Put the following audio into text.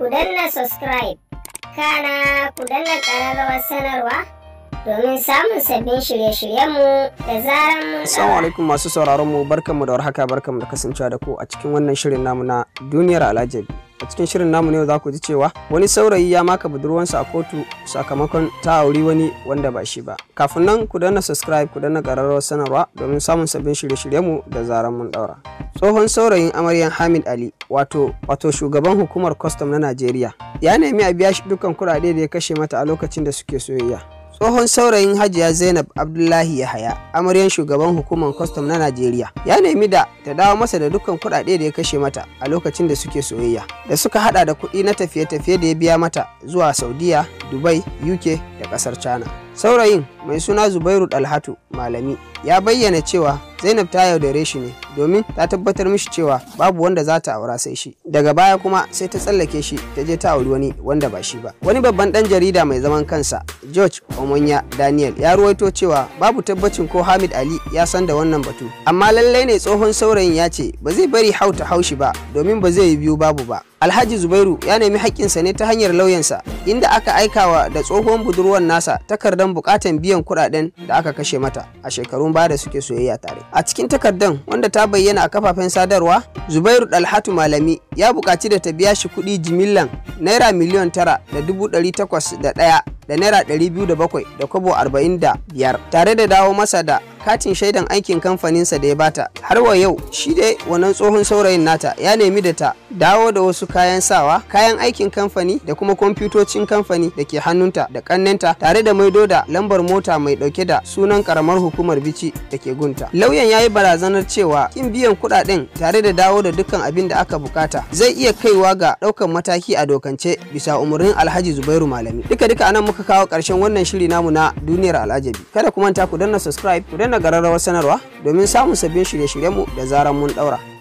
ku danna subscribe kana ku danna rawar sanarwa domin samun sabbin shirye-shiryenmu da zaran mun Assalamu alaikum masu sauraron mu barkanmu da warhaka barkamu da kasancewa da ku a cikin wannan shirin namuna duniyar alajabi. a cikin shirin namu ne za ku ji cewa wani saurayi ya maka budurwansa a kotu sakamakon ta auri wani wanda ba shi ba kafin nan ku danna subscribe ku danna ƙararrawar sanarwa domin samun sabbin shirye mu da zaran mun daura tsohon saurayin amaryan hamid ali wato wato shugaban hukumar kwastam na najeriya ya nemi a biya shi dukkan kuɗaɗe da ya kashe mata a lokacin da suke soyayya tsohon saurayin hajiya zainab abdullahi yahaya amaryan shugaban hukumar kwastam na najeriya ya nemi da ta dawo masa da dukkan kuɗaɗe da ya kashe mata a lokacin da suke soyayya da suka hada da kuɗi na tafiye-tafiye da ya biya mata zuwa saudiya dubai uk da ƙasar china saurayin mai suna zubairu dalhatu malami ya bayyana cewa zainab ta yaudare shi ne domin ta tabbatar mishi cewa babu wanda za ta aura sai shi daga baya kuma sai ta tsallake shi ta je ta auri wani wanda ba shi ba wani babban dan jarida mai zaman kansa george omonya daniel ya ruwaito cewa babu tabbacin ko hamid ali ya san da wannan batu amma lallai ne tsohon saurayin ya ce ba zai bari hau ta haushi ba domin ba zai yi biyu babu ba alhaji zubairu ya nemi haƙƙinsa ne ta hanyar lauyansa inda aka aikawa da tsohon budurwar nasa takardar buƙatan biyan kuɗaɗen da aka kashe mata a shekarun baya da suke soyayya tare a cikin takardan wanda ta bayyana a kafafen sadarwa zubairu dalhatu malami ya buƙaci da ta biya shi kuɗi jimillan naira miliyon tara da dubu ɗari takwas da ɗaya da naira ɗari biyu da bakwai da kobo arba'in da biyar tare da dawo masa da katin shaidan aikin kamfaninsa da ya bata har wa yau shi dai wannan tsohon saurayin nata ya nemi da ta dawo da wasu kayan sawa kayan aikin kamfani da kuma kwamfutocin kamfani da ke hannunta da kannenta tare da maido da lambar mota mai dauke da sunan karamar hukumar bici da ke gunta lauyan ya yi barazanar cewa kin biyan kuɗaɗen tare da dawo da dukkan abin da aka bukata zai iya kaiwa ga ɗaukan mataki a dokance bisa umarnin alhaji zubairu malami duka duka anan muka kawo ƙarshen wannan shiri namu na duniyar al'ajabi kada ku manta ku danna subscribe ku na ƙararrawar sanarwa domin samun sabbin shirye-shiryenmu da zarar mun ɗaura.